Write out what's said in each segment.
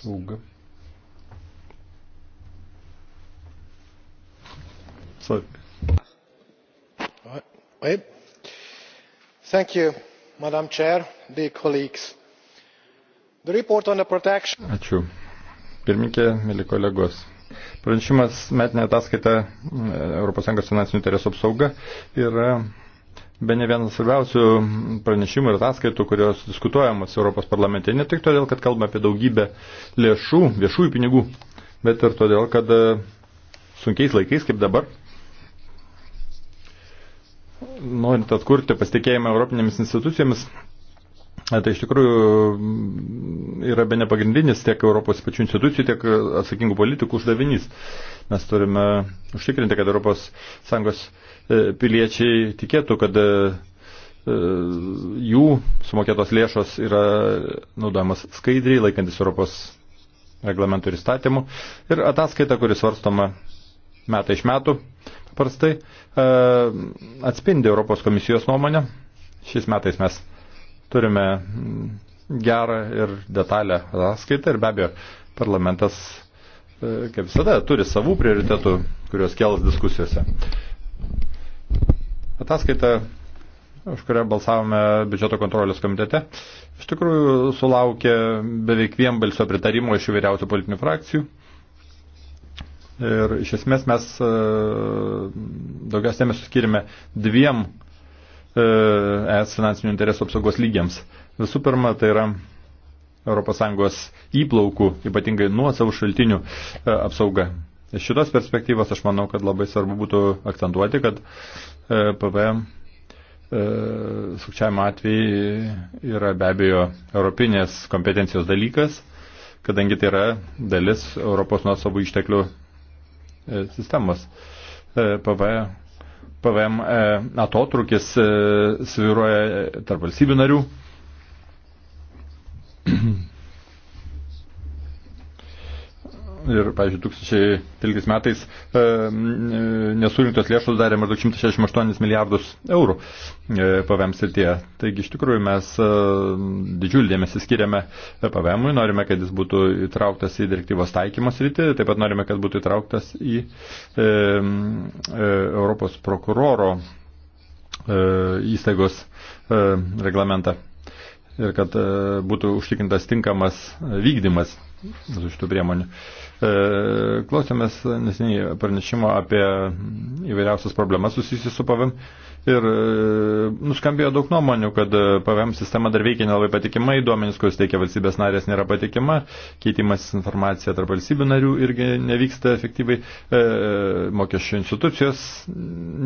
Sług. Sorry. Thank you, Madam Chair, dear colleagues. The report on the protection. Ačiū. Pirmininkė, mėly kolegos. Pranešimas metinė ataskaita mm, ES finansinių interesų apsauga yra be ne vienas svarbiausių pranešimų ir ataskaitų, kurios diskutuojamos Europos parlamente, ne tik todėl, kad kalbame apie daugybę lėšų, viešųjų pinigų, bet ir todėl, kad e, sunkiais laikais, kaip dabar, norint atkurti pasitikėjimą Europinėmis institucijomis, Tai iš tikrųjų mm, yra be nepagrindinis tiek Europos pačių institucijų, tiek e, atsakingų politikų uždavinys. Mes turime užtikrinti, kad ES e, piliečiai tikėtų, kad e, jų sumokėtos lėšos yra naudojamas skaidriai, laikantis Europos reglamentų ir įstatymų. Ir ataskaita, kuris svarstoma metai iš metų, paprastai atspindi Europos komisijos nuomonę. Šiais metais mes Turime gerą ir detalę ataskaitą ir be abejo parlamentas, e, kaip visada, turi savų prioritetų, kuriuos kelas diskusijose. Ataskaita, už kurią balsavome biudžeto kontrolės komitete, iš tikrųjų sulaukė beveik vienbalsio pritarimo iš įvairiausių politinių frakcijų. Ir iš esmės mes e, daugiausiai dėmesio skirime dviem E, ES finansinių interesų apsaugos lygiams. Visų pirma, tai yra ES įplaukų, ypatingai nuo savo šaltinių e, apsauga. Iš šitos perspektyvos aš manau, kad labai svarbu būtų akcentuoti, kad e, PVM sukčiavimo atvejai yra be abejo europinės kompetencijos dalykas, kadangi tai yra dalis Europos nuosavų išteklių sistemos. PVM PVM e, atotrukis e, sviruoja tarp valstybių narių. Ir, pavyzdžiui, 2013 metais e, e, nesurinktos lėšos darė maždaug 168 milijardus eurų e, PVM srityje. Taigi, iš tikrųjų, mes e, didžiulį dėmesį skiriame e, PVM-ui, norime, kad jis būtų įtrauktas į direktyvos taikymo sritį, taip pat norime, kad būtų įtrauktas į e, e, Europos prokuroro e, įstaigos e, reglamentą ir kad e, būtų užtikrintas tinkamas vykdymas visų šitų priemonių. E, E, klausėmės nesiniai pranešimo apie įvairiausias problemas susijusius su pavim. Ir e, nuskambėjo daug nuomonių, kad e, PVM sistema dar veikia nelabai patikimai, duomenys, kuriuos teikia valstybės narės, nėra patikima, keitimas informacija tarp valstybių narių irgi nevyksta efektyviai, e, mokesčių institucijos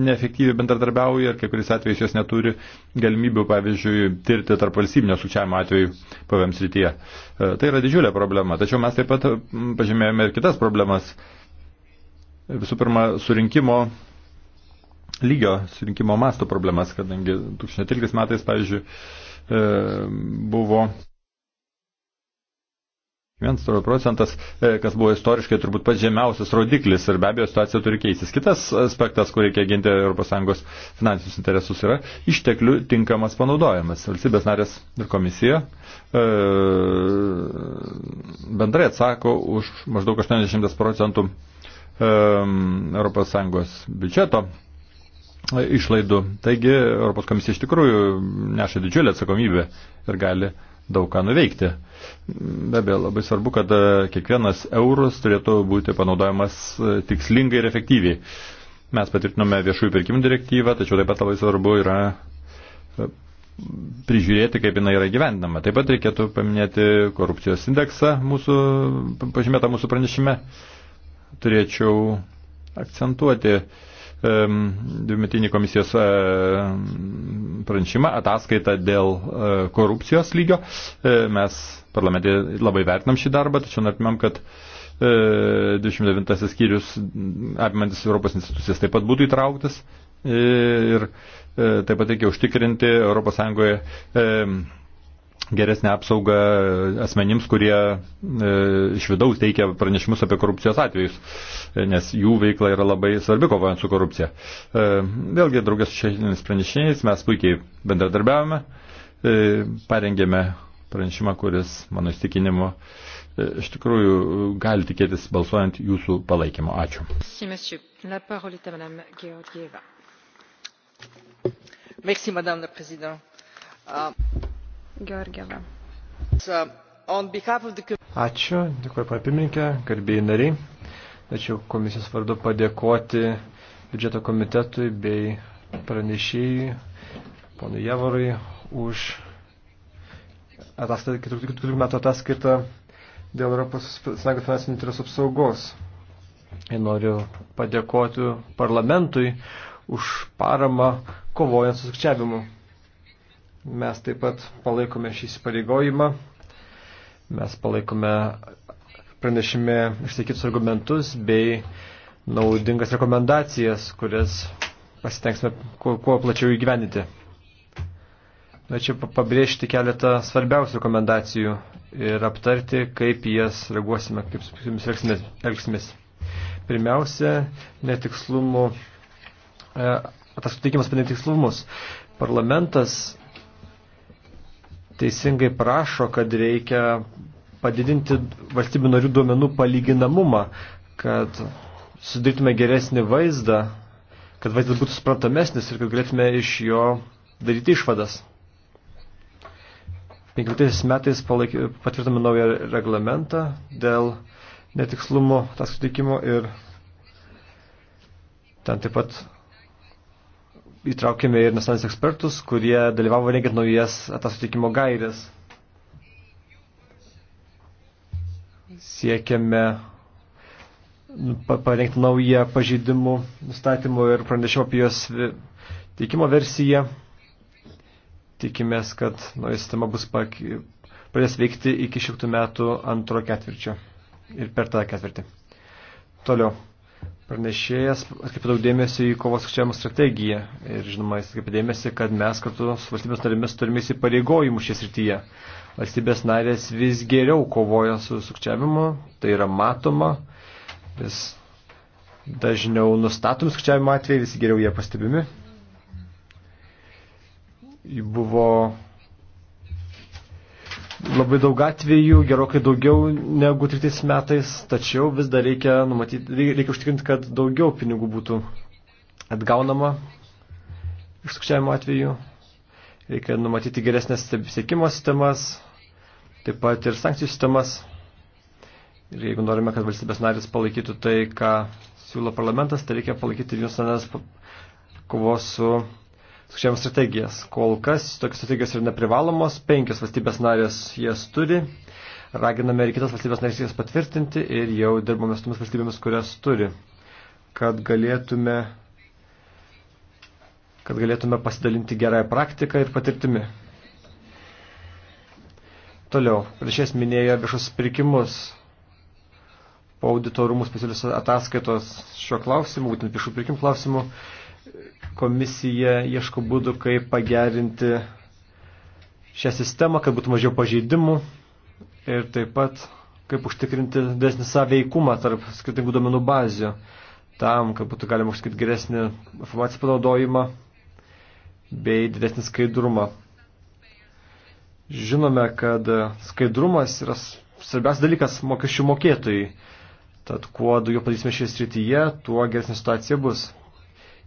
neefektyviai bendradarbiauja ir kai kuris atvejais jos neturi galimybių, pavyzdžiui, tirti tarp valstybinio sukčiavimo atveju PVM srityje. E, tai yra didžiulė problema, tačiau mes taip pat pažymėjome ir kitas problemas. Visų pirma, surinkimo lygio surinkimo masto problemas, kadangi 2013 metais, pavyzdžiui, e, buvo 1 procentas, e, kas buvo istoriškai turbūt pats žemiausias rodiklis ir be abejo situacija turi keistis. Kitas aspektas, kur reikia ginti ES finansinius interesus, yra išteklių tinkamas panaudojimas. Valstybės narės ir komisija e, bendrai atsako už maždaug 80 procentų e, ES biudžeto išlaidų. Taigi Europos komisija iš tikrųjų neša didžiulę atsakomybę ir gali daug ką nuveikti. Be abejo, labai svarbu, kad e, kiekvienas eurus turėtų būti panaudojamas e, tikslingai ir efektyviai. Mes patvirtinome viešųjų pirkimų direktyvą, tačiau taip pat labai svarbu yra e, prižiūrėti, kaip jinai yra gyvendama. Taip pat reikėtų paminėti korupcijos indeksą mūsų, pažymėtą mūsų pranešime. Turėčiau akcentuoti uh, dvimetinį komisijos e, pranešimą, ataskaitą dėl e, korupcijos lygio. E, mes parlamente labai vertinam šį darbą, tačiau norėtumėm, kad 29 skyrius apimantis Europos institucijas taip pat būtų įtrauktas ir taip pat reikia užtikrinti Europos Sąjungoje geresnę apsaugą asmenims, kurie e, iš vidaus teikia pranešimus apie korupcijos atvejus, e, nes jų veikla yra labai svarbi kovojant su korupcija. E, vėlgi, draugės su šiandienis pranešiniais mes puikiai bendradarbiavome, e, parengėme pranešimą, kuris, mano įstikinimu, e, iš tikrųjų gali tikėtis balsuojant jūsų palaikymo. Ačiū. Merci, madame la présidente. Euh, Georgieva. Ačiū, dėkuoju papiminkė, garbėjai nariai. Tačiau komisijos vardu padėkoti biudžeto komitetui bei pranešėjui, ponui Javorui, už ataskaitą, kitų, kitų metų ataskaitą dėl Europos Sąjungos finansinių interesų apsaugos. Ir noriu padėkoti parlamentui už paramą kovojant su sukčiavimu. Mes taip pat palaikome šį įsipareigojimą, mes palaikome pranešime išsakytus argumentus bei naudingas rekomendacijas, kurias pasitengsime kuo, kuo plačiau įgyveninti. Norėčiau pabrėžti keletą svarbiausių rekomendacijų ir aptarti, kaip jas reaguosime, kaip su jomis elgsimės. Pirmiausia, netikslumų, e, ataskaitikimas apie netikslumus. Parlamentas teisingai prašo, kad reikia padidinti valstybių narių duomenų palyginamumą, kad sudarytume geresnį vaizdą, kad vaizdas būtų suprantamesnis ir kad galėtume iš jo daryti išvadas. 15 metais patvirtame naują reglamentą dėl netikslumo ataskaitikimo ir ten taip pat įtraukėme ir nacionalinius ekspertus, kurie dalyvavo rengiant naujas ataskaitikimo gairės. Siekiame nu, parengti naują pažeidimų nustatymų ir pranešimo apie jos teikimo versiją. Tikimės, kad nauja sistema bus pradės veikti iki šimtų metų antro ketvirčio ir per tą ketvirtį. Toliau pranešėjas atkreipė daug dėmesio į kovos sukčiavimo strategiją ir, žinoma, jis atkreipė dėmesį, kad mes kartu su valstybės narėmis turime įsipareigojimų šią srityje. Valstybės narės vis geriau kovoja su sukčiavimu, tai yra matoma, vis dažniau nustatomi sukčiavimo atvejai, vis geriau jie pastebimi. Buvo labai daug atvejų, gerokai daugiau negu 30 metais, tačiau vis dar reikia, numatyti, reikia užtikrinti, kad daugiau pinigų būtų atgaunama iš sukčiavimo atveju. Reikia numatyti geresnės sėkimo sistemas, taip pat ir sankcijų sistemas. Ir jeigu norime, kad valstybės narės palaikytų tai, ką siūlo parlamentas, tai reikia palaikyti jums kovos su skaičiavimo strategijas. Kol kas tokios strategijos yra neprivalomos, penkios valstybės narės jas turi, raginame ir kitas valstybės narės jas patvirtinti ir jau dirbame su tomis valstybėmis, kurias turi, kad galėtume, kad galėtume pasidalinti gerąją praktiką ir patirtimi. Toliau, prieš jas minėjo viešus pirkimus po auditorumų specialius ataskaitos šio klausimu, būtent viešų pirkimų klausimu. klausimu komisija ieško būdų, kaip pagerinti šią sistemą, kad būtų mažiau pažeidimų ir taip pat kaip užtikrinti desnį sąveikumą tarp skirtingų domenų bazių, tam, kad būtų galima užtikrinti geresnį informacijos panaudojimą bei didesnį skaidrumą. Žinome, kad skaidrumas yra svarbiausias dalykas mokesčių mokėtojai. Tad kuo daugiau padarysime šioje srityje, tuo geresnė situacija bus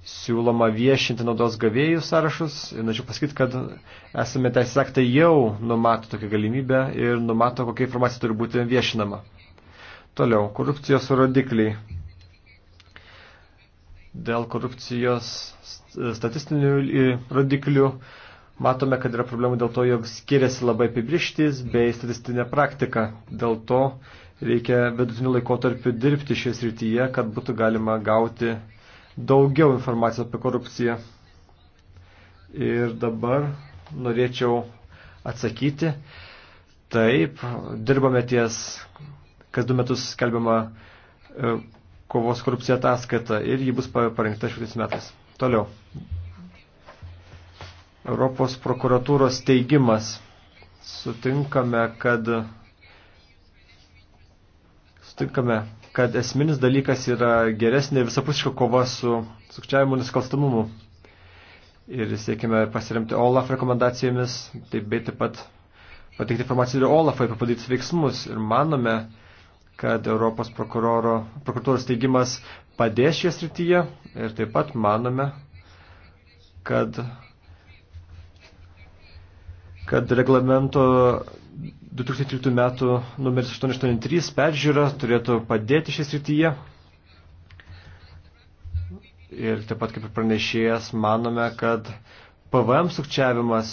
siūloma viešinti naudos gavėjų sąrašus. Ir norėčiau pasakyti, kad esame teisės aktai jau numato tokią galimybę ir numato, kokia informacija turi būti viešinama. Toliau, korupcijos rodikliai. Dėl korupcijos statistinių rodiklių matome, kad yra problemų dėl to, jog skiriasi labai apibrištis bei statistinė praktika. Dėl to reikia vidutinių laikotarpių dirbti šioje srityje, kad būtų galima gauti daugiau informacijos apie korupciją. Ir dabar norėčiau atsakyti. Taip, dirbame ties, kas du metus skelbiama e, kovos korupcija ataskaita ir ji bus parengta šiais metais. Toliau. Europos prokuratūros teigimas. Sutinkame, kad sutinkame, kad esminis dalykas yra geresnė visapusiška kova su sukčiavimu nusikalstamumu. Ir siekime pasiremti OLAF rekomendacijomis, taip bei taip pat pateikti informaciją ir OLAF apie padarytus veiksmus. Ir manome, kad Europos prokuratūros teigimas padės šioje srityje ir taip pat manome, kad, kad reglamento 2013 metų numeris 883 peržiūra turėtų padėti šią srityje. Ir taip pat kaip ir pranešėjas, manome, kad PVM sukčiavimas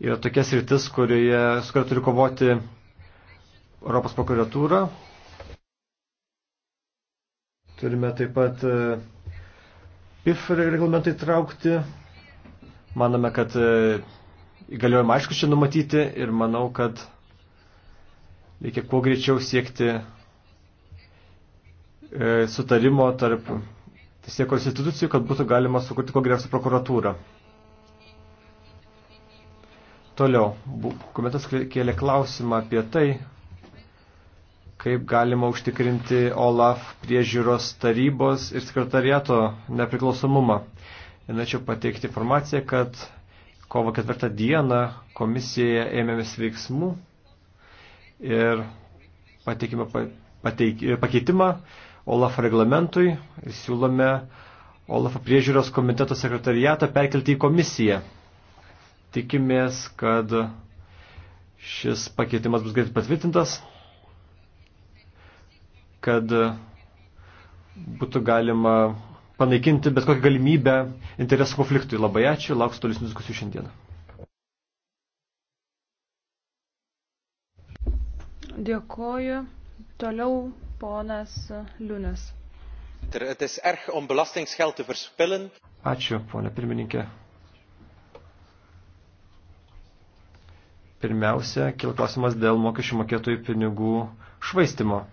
yra tokia sritis, kurioje, su kuria turi kovoti Europos prokuratūra. Turime taip pat e, PIF e reglamentą įtraukti. Manome, kad e, įgaliojimą aišku čia numatyti ir manau, kad reikia kuo greičiau siekti e, sutarimo tarp teisėkos institucijų, kad būtų galima sukurti kuo geriausią prokuratūrą. Toliau, komentas kėlė klausimą apie tai, kaip galima užtikrinti OLAF priežiūros tarybos ir sekretariato nepriklausomumą. Ir norėčiau pateikti informaciją, kad kovo ketvirtą dieną komisijoje ėmėmės veiksmų ir pateikimą, pateik, pakeitimą OLAF reglamentui ir siūlome OLAF priežiūros komiteto sekretariatą perkelti į komisiją. Tikimės, kad šis pakeitimas bus greitai patvirtintas, kad būtų galima panaikinti bet kokią galimybę interesų konfliktui. Labai ačiū, lauksiu tolesnių diskusijų šiandieną. Dėkoju. Toliau ponas Liūnas. Er, ačiū, ponė pirmininkė. Pirmiausia, kil klausimas dėl mokesčių mokėtojų pinigų švaistimo.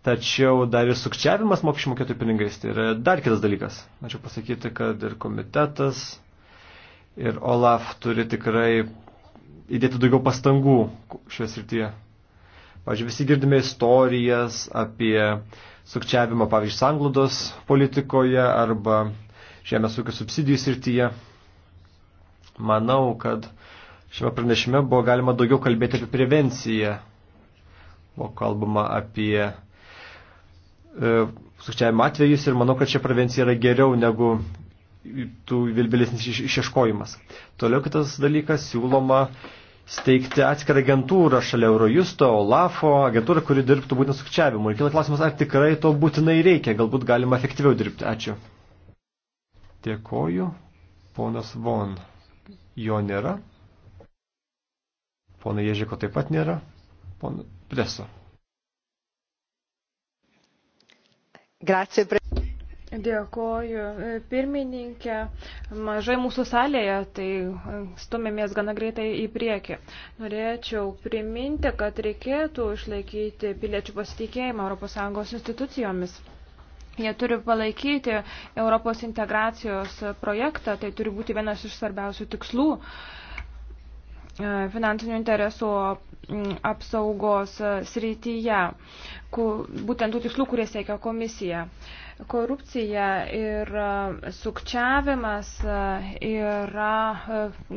Tačiau dar ir sukčiavimas mokesčių mokėtojų pinigais, tai yra dar kitas dalykas. Ačiū pasakyti, kad ir komitetas, ir OLAF turi tikrai įdėti daugiau pastangų šioje srityje. Pavyzdžiui, visi girdime istorijas apie sukčiavimą, pavyzdžiui, sanglaudos politikoje arba žemės ūkio subsidijų srityje. Manau, kad šiame pranešime buvo galima daugiau kalbėti apie prevenciją. Buvo kalbama apie E, sukčiavimo atvejus ir manau, kad čia prevencija yra geriau negu tų vilbilesnis išieškojimas. Toliau kitas dalykas siūloma steigti atskirą agentūrą šalia Eurojusto, Olafo, agentūrą, kuri dirbtų būtent sukčiavimu. Ir kila klausimas, ar tikrai to būtinai reikia, galbūt galima efektyviau dirbti. Ačiū. Dėkoju. Ponas Von. Jo nėra. Pona Ježiko taip pat nėra. Pona Preso. Grazie, prezidentė. Dėkoju. Pirmininkė, mažai mūsų salėje, tai e, stumėmės gana greitai į priekį. Norėčiau priminti, kad reikėtų išlaikyti piliečių pasitikėjimą ES institucijomis. Jie turi palaikyti Europos integracijos projektą, tai turi būti vienas iš svarbiausių tikslų. Uh, E, finansinių interesų apsaugos e, srityje, būtent tų tikslų, kurie siekia komisija. Korupcija ir e, sukčiavimas yra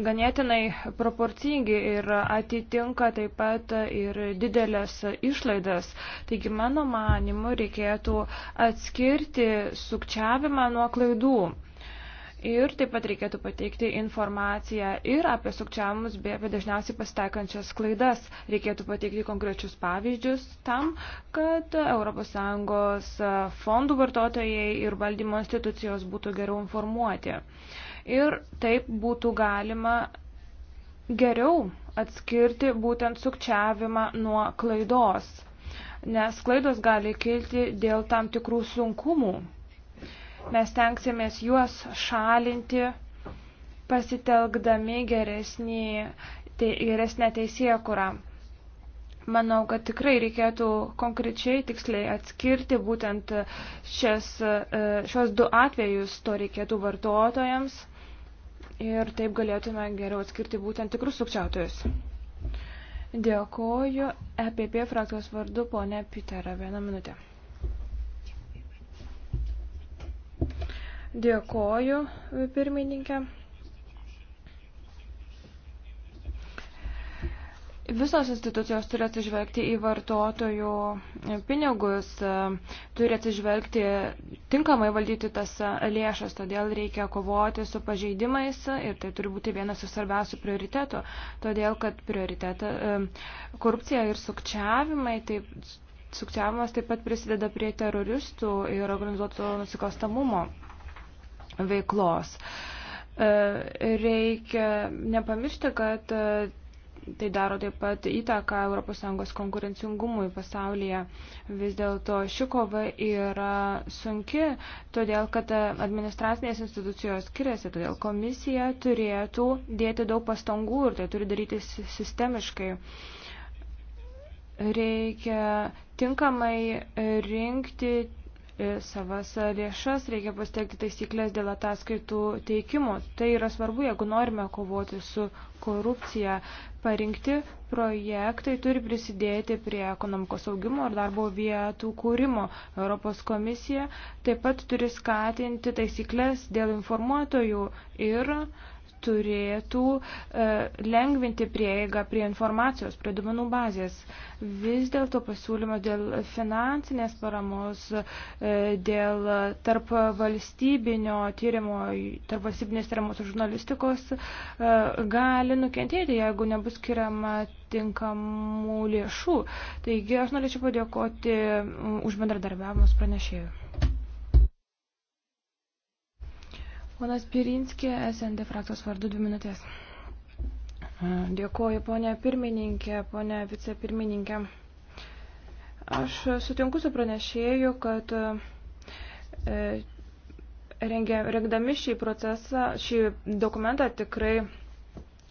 ganėtinai proporcingi ir atitinka taip pat ir didelės išlaidas. Taigi, mano manimu, reikėtų atskirti sukčiavimą nuo klaidų. Ir taip pat reikėtų pateikti informaciją ir apie sukčiavimus, bei apie dažniausiai pasitaikančias klaidas. Reikėtų pateikti konkrečius pavyzdžius tam, kad ES fondų vartotojai ir valdymo institucijos būtų geriau informuoti. Ir taip būtų galima geriau atskirti būtent sukčiavimą nuo klaidos, nes klaidos gali kilti dėl tam tikrų sunkumų Mes tenksimės juos šalinti, pasitelkdami geresnį, te, geresnę teisėkurą. Manau, kad tikrai reikėtų konkrečiai, tiksliai atskirti būtent šias, e, šios du atvejus, to reikėtų vartotojams ir taip galėtume geriau atskirti būtent tikrus sukčiautojus. Dėkoju EPP frakcijos vardu, ponė Pitera, vieną minutę. Dėkoju, pirmininkė. Visos institucijos turi atsižvelgti į vartotojų pinigus, turi atsižvelgti tinkamai valdyti tas lėšas, todėl reikia kovoti su pažeidimais ir tai turi būti vienas iš svarbiausių prioritetų, todėl kad prioritetą e, korupcija ir sukčiavimai, taip, sukčiavimas taip pat prisideda prie teroristų ir organizuoto nusikalstamumo veiklos. E, reikia nepamiršti, kad e, tai daro taip pat įtaką ES konkurencingumui pasaulyje. Vis dėlto ši kova yra sunki, todėl kad e, administracinės institucijos skiriasi, todėl komisija turėtų dėti daug pastangų ir tai turi daryti sistemiškai. Reikia tinkamai rinkti savas lėšas, reikia pasitekti taisyklės dėl ataskaitų teikimo. Tai yra svarbu, jeigu norime kovoti su korupcija. Parinkti projektai turi prisidėti prie ekonomikos augimo ir darbo vietų kūrimo. Europos komisija taip pat turi skatinti taisyklės dėl informuotojų ir uh, turėtų e, lengvinti prieigą prie informacijos, prie duomenų bazės. Vis dėlto pasiūlymas dėl finansinės paramos, e, dėl tarp valstybinio tyrimo, tarp valstybinės tyrimos žurnalistikos e, gali nukentėti, jeigu nebus skiriama tinkamų lėšų. Taigi aš norėčiau padėkoti už bendradarbiavimus pranešėjų. Manas Pirinskė, SND frakcijos vardu, dvi minutės. Dėkuoju, ponė pirmininkė, ponė vicepirmininkė. Aš sutinku su pranešėju, kad e, rengia, rengdami šį procesą, šį dokumentą tikrai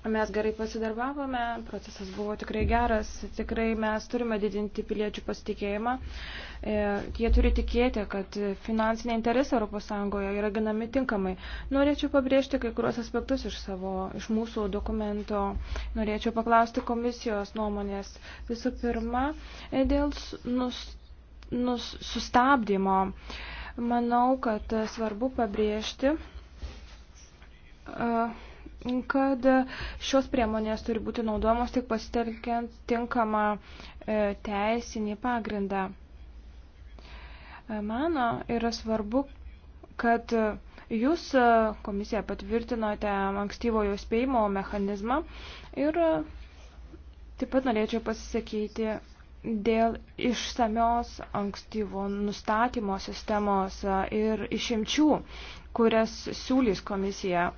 Mes gerai pasidarbavome, procesas buvo tikrai geras, tikrai mes turime didinti piliečių pasitikėjimą. E, jie turi tikėti, kad finansiniai interesai ES yra ginami tinkamai. Norėčiau pabrėžti kai kuriuos aspektus iš, savo, iš mūsų dokumento. Norėčiau paklausti komisijos nuomonės. Visų pirma, dėl nus, nus, sustabdymo. Manau, kad svarbu pabrėžti. Uh, kad šios priemonės turi būti naudojamos tik pasitelkiant tinkamą e, teisinį pagrindą. E, mano yra svarbu, kad jūs e, komisija patvirtinote ankstyvojo spėjimo mechanizmą ir taip pat norėčiau pasisakyti dėl išsamios ankstyvo nustatymo sistemos ir išimčių, kurias siūlys komisija.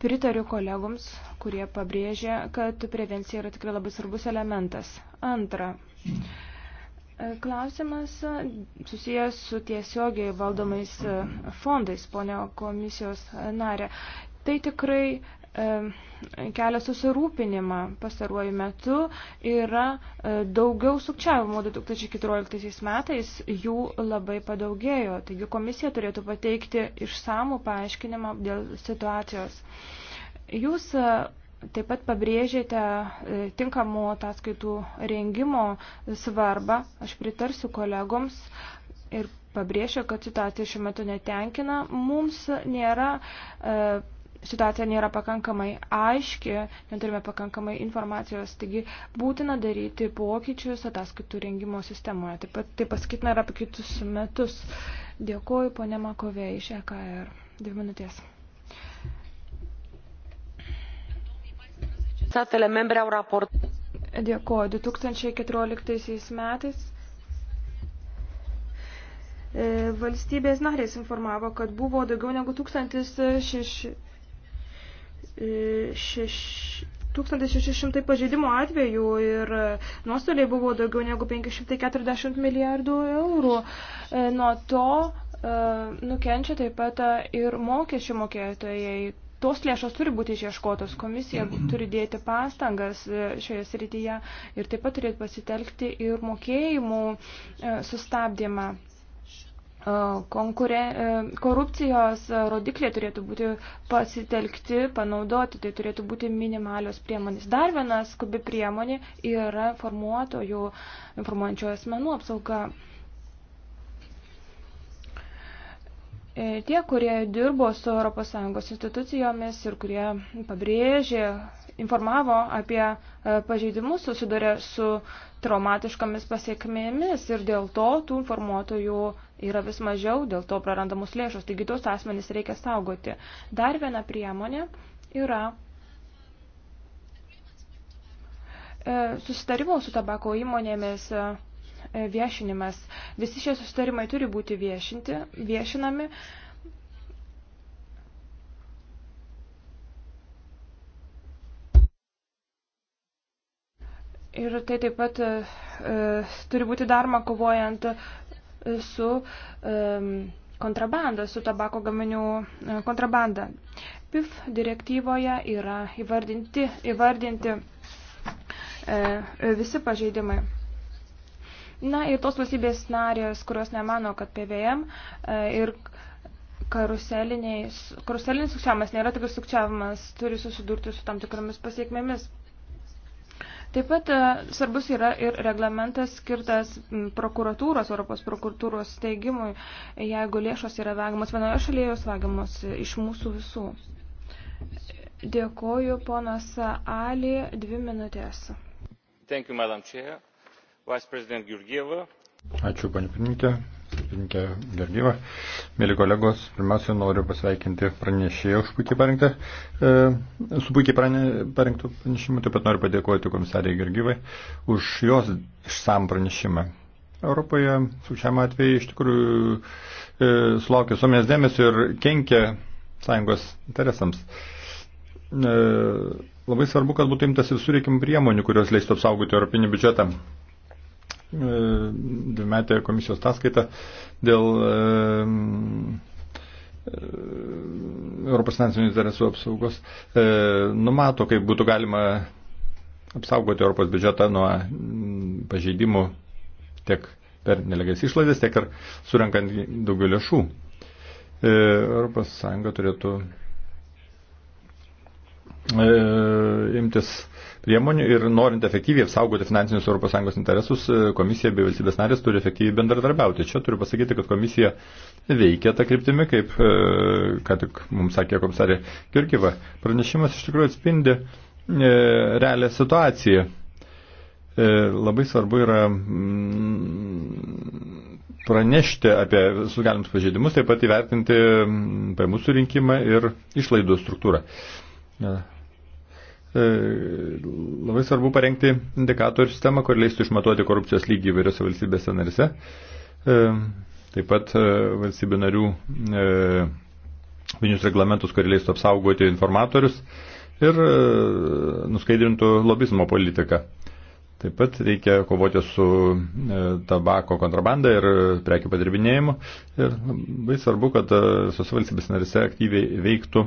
Pritariu kolegoms, kurie pabrėžė, kad prevencija yra tikrai labai svarbus elementas. Antra. Klausimas susijęs su tiesiogiai valdomais fondais, ponio komisijos narė. Tai tikrai kelia susirūpinimą pastaruoju metu yra e, daugiau sukčiavimo 2014 metais, jų labai padaugėjo. Taigi komisija turėtų pateikti išsamų paaiškinimą dėl situacijos. Jūs e, taip pat pabrėžėte e, tinkamų ataskaitų rengimo svarbą. Aš pritarsiu kolegoms ir pabrėšiu, kad situacija šiuo metu netenkina. Mums nėra situacija nėra pakankamai aiški, neturime pakankamai informacijos, taigi būtina daryti pokyčius ataskaitų rengimo sistemoje. Taip pat tai pasakytina ir apie kitus metus. Dėkuoju, ponė Makovė iš EKR. Dvi minutės. Statele membre au raport. Dėkuoju. 2014 metais e, valstybės narės informavo, kad buvo daugiau negu 1600 šeš... 1600 pažeidimo atvejų ir nuostoliai buvo daugiau negu 540 milijardų eurų. E, nuo to e, nukenčia taip pat e, ir mokesčių mokėtojai. Tos lėšos turi būti išieškotos, komisija turi dėti pastangas šioje srityje ir taip pat turėtų pasitelkti ir mokėjimų sustabdymą konkure, korupcijos rodikliai turėtų būti pasitelkti, panaudoti, tai turėtų būti minimalios priemonės. Dar viena skubi priemonė yra informuotojų, informuojančių asmenų apsauga. E, tie, kurie dirbo su ES institucijomis ir kurie pabrėžė, informavo apie e, pažeidimus, susidurė su traumatiškomis pasiekmėmis ir dėl to tų informuotojų yra vis mažiau, dėl to prarandamus lėšos. Taigi tos asmenys reikia saugoti. Dar viena priemonė yra e, susitarimo su tabako įmonėmis E, viešinimas. Visi šie susitarimai turi būti viešinti, viešinami. Ir tai taip pat e, e turi būti daroma kovojant e, su e, kontrabanda, su tabako gaminių kontrabanda. PIF direktyvoje yra įvardinti, įvardinti e, visi pažeidimai. Na ir tos valstybės narės, kurios nemano, kad PVM e, ir karuselinis sukčiavimas nėra tikras sukčiavimas, turi susidurti su tam tikromis pasiekmėmis. Taip pat e, svarbus yra ir reglamentas skirtas prokuratūros, Europos prokuratūros steigimui, jeigu lėšos yra vagamos vienoje šalyje, jos vagamos iš mūsų visų. Dėkoju, ponas Ali, dvi minutės. Thank you, Madam Chair. Vice President Georgieva. Ačiū, panė pirmininkė. Pirmininkė Georgieva. Mėly kolegos, pirmiausia, noriu pasveikinti pranešėją už puikiai parengtą, e, su puikiai prane, parengtų pranešimu. Taip pat noriu padėkoti komisariai Georgievai už jos išsam pranešimą. Europoje sukčiam atveju iš tikrųjų e, sulaukė suomės dėmesio ir kenkė sąjungos interesams. E, labai svarbu, kad būtų imtas visų reikimų priemonių, kurios leistų apsaugoti europinį biudžetą dvimetę e, komisijos taskaitą dėl e, e, Europos finansinių interesų apsaugos numato, kaip būtų galima apsaugoti Europos biudžetą nuo pažeidimų tiek per nelegais išlaidas, tiek ir surinkant daugiau lėšų. Europos Sąjunga turėtų imtis priemonių ir norint efektyviai apsaugoti finansinius ES interesus, e, komisija bei valstybės narės turi efektyviai bendradarbiauti. Čia turiu pasakyti, kad komisija veikia tą kryptimį, kaip, e, ką tik mums sakė komisarė Kirkiva. Pranešimas iš tikrųjų atspindi e, realią situaciją. E, labai svarbu yra mm, pranešti apie visus galimus pažeidimus, taip pat įvertinti mm, pajamų surinkimą ir išlaidų struktūrą. E, E, labai svarbu parengti indikatorių sistemą, kur leistų išmatuoti korupcijos lygį įvairiose valstybėse narise. E, taip pat e, valstybių narių vinius reglamentus, kurie leistų apsaugoti informatorius ir nuskaidrintų lobizmo politiką. Taip pat reikia kovoti su tabako kontrabanda ir prekių padirbinėjimu. Ir labai svarbu, kad visose valstybės narise aktyviai veiktų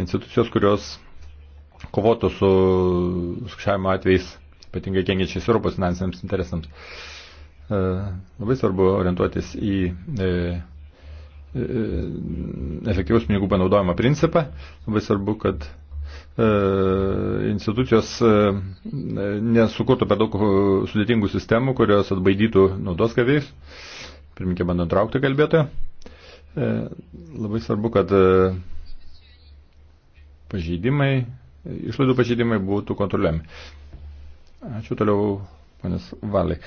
institucijos, kurios kovotų su sukčiavimo atvejais, ypatingai kengiačiais Europos finansiniams interesams. E, labai svarbu orientuotis į e, e, efektyvus pinigų panaudojimo principą. Labai svarbu, kad institucijos nesukurtų per daug sudėtingų sistemų, kurios atbaidytų naudos gavėjus. Pirminkė, bandant traukti kalbėtoją. Labai svarbu, kad pažeidimai išlaidų pažeidimai būtų kontroliuojami. Ačiū toliau, panas Valai.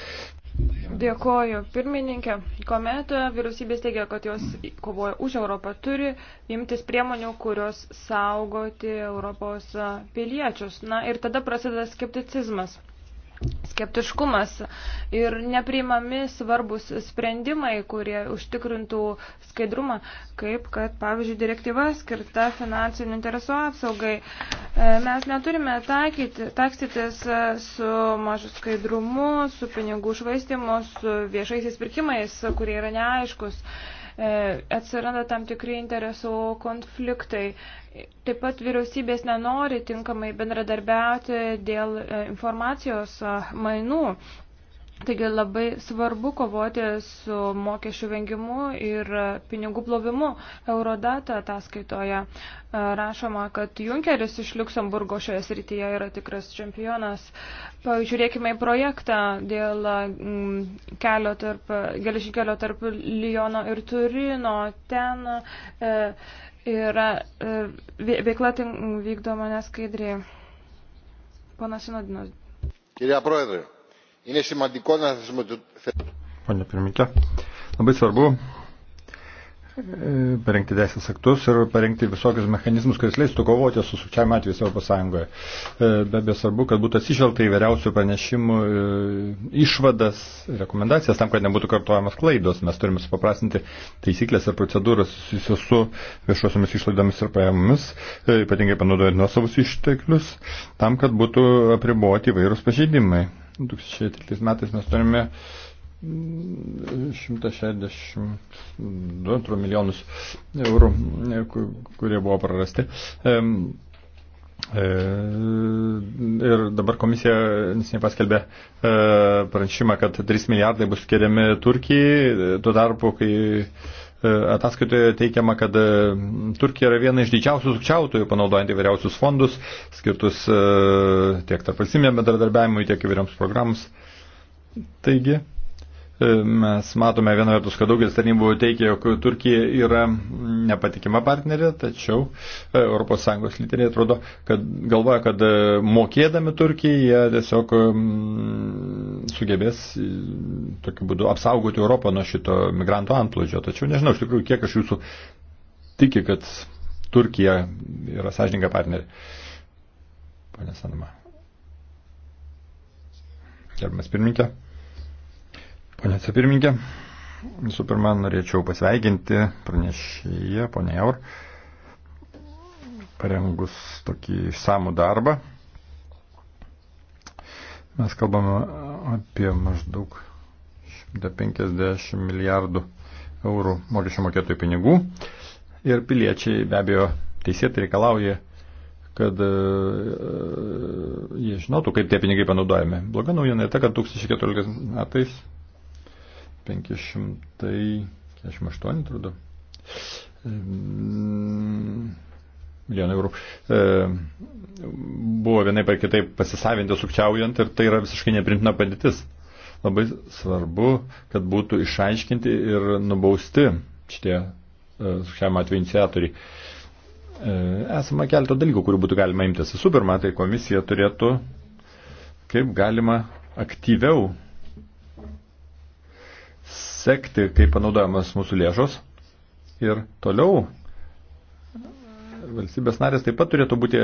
Dėkoju, pirmininkė. Komet vyriausybės teigia, kad jos kovoja už Europą, turi imtis priemonių, kurios saugoti Europos piliečius. Na ir tada prasideda skepticizmas skeptiškumas ir nepriimami svarbus sprendimai, kurie užtikrintų skaidrumą, kaip kad, pavyzdžiui, direktyva skirta finansinių interesų apsaugai. E, mes neturime taikyti, taksytis e, su mažu skaidrumu, su pinigų švaistimu, su viešaisiais pirkimais, kurie yra neaiškus. E, atsiranda tam tikri interesų konfliktai. Taip pat vyriausybės nenori tinkamai bendradarbiauti dėl e, informacijos e, mainų. Taigi labai svarbu kovoti su mokesčių vengimu ir pinigų plovimu. Eurodata ataskaitoje e, rašoma, kad Junkeris iš Luxemburgo šioje srityje yra tikras čempionas. Pažiūrėkime į projektą dėl mm, kelio tarp, geležinkelio tarp Lyono ir Turino. Ten e, yra e, veikla vykdoma neskaidriai. Ponas Sinodinas. Κυρία Πρόεδρε, Είναι σημαντικό να θεσμοθετήσουμε. Pone pirmininkė, labai svarbu e, parengti teisės aktus ir parengti visokius mechanizmus, kuris leistų kovoti su sukčiavimo atvejais Europos Sąjungoje. E, be abejo svarbu, kad būtų atsižvelgta į vyriausių pranešimų e, išvadas, rekomendacijas, tam, kad nebūtų kartuojamas klaidos. Mes turime supaprastinti taisyklės ir procedūras susijusios su viešuosiomis išlaidomis ir pajamomis, ypatingai panaudojant nuosavus išteklius, tam, kad būtų apriboti vairūs pažeidimai. 2013 metais mes turime 162 mm, milijonus eurų, kurie buvo prarasti. E, ir dabar komisija nesiniai paskelbė e, pranešimą, kad 3 milijardai bus skiriami Turkijai, tuo tarpu, kai E, ataskaitoje teikiama, kad e, Turkija yra viena iš didžiausių sukčiautojų, panaudojant įvairiausius fondus, skirtus e, tiek tarp valstybėm bendradarbiavimui, tiek įvairioms programams. Taigi, Mes matome vieną vertus, kad daugelis tarnybų teikia, jog Turkija yra nepatikima partnerė, tačiau ES lyderiai atrodo, kad galvoja, kad e, mokėdami Turkijai jie tiesiog sugebės e, tokiu būdu apsaugoti Europą nuo šito migrantų antplūdžio. Tačiau nežinau iš tikrųjų, kiek aš jūsų tiki, kad Turkija yra sąžininga partnerė. Pane Sanama. Gerbiamas pirmininkė. Pane Cepirminkė, visų pirma, norėčiau pasveikinti pranešėją, ponę Eur, parengus tokį išsamų darbą. Mes kalbame apie maždaug 150 milijardų eurų mokesčių mokėtojų pinigų ir piliečiai be abejo teisėtai reikalauja, kad e, e, jie žinotų, kaip tie pinigai panaudojami. Bloga naujiena yra ta, kad 2014 metais 548 trūdo milijonų eurų e, buvo vienai par kitaip pasisavinti sukčiaujant ir tai yra visiškai neprimtina padėtis. Labai svarbu, kad būtų išaiškinti ir nubausti šitie e, sukčiavimo atveju iniciatoriai. E, esama keletą dalykų, kurių būtų galima imtis. Visų pirma, tai komisija turėtų kaip galima aktyviau sekti, kaip panaudojamas mūsų lėšos. Ir toliau valstybės narės taip pat turėtų būti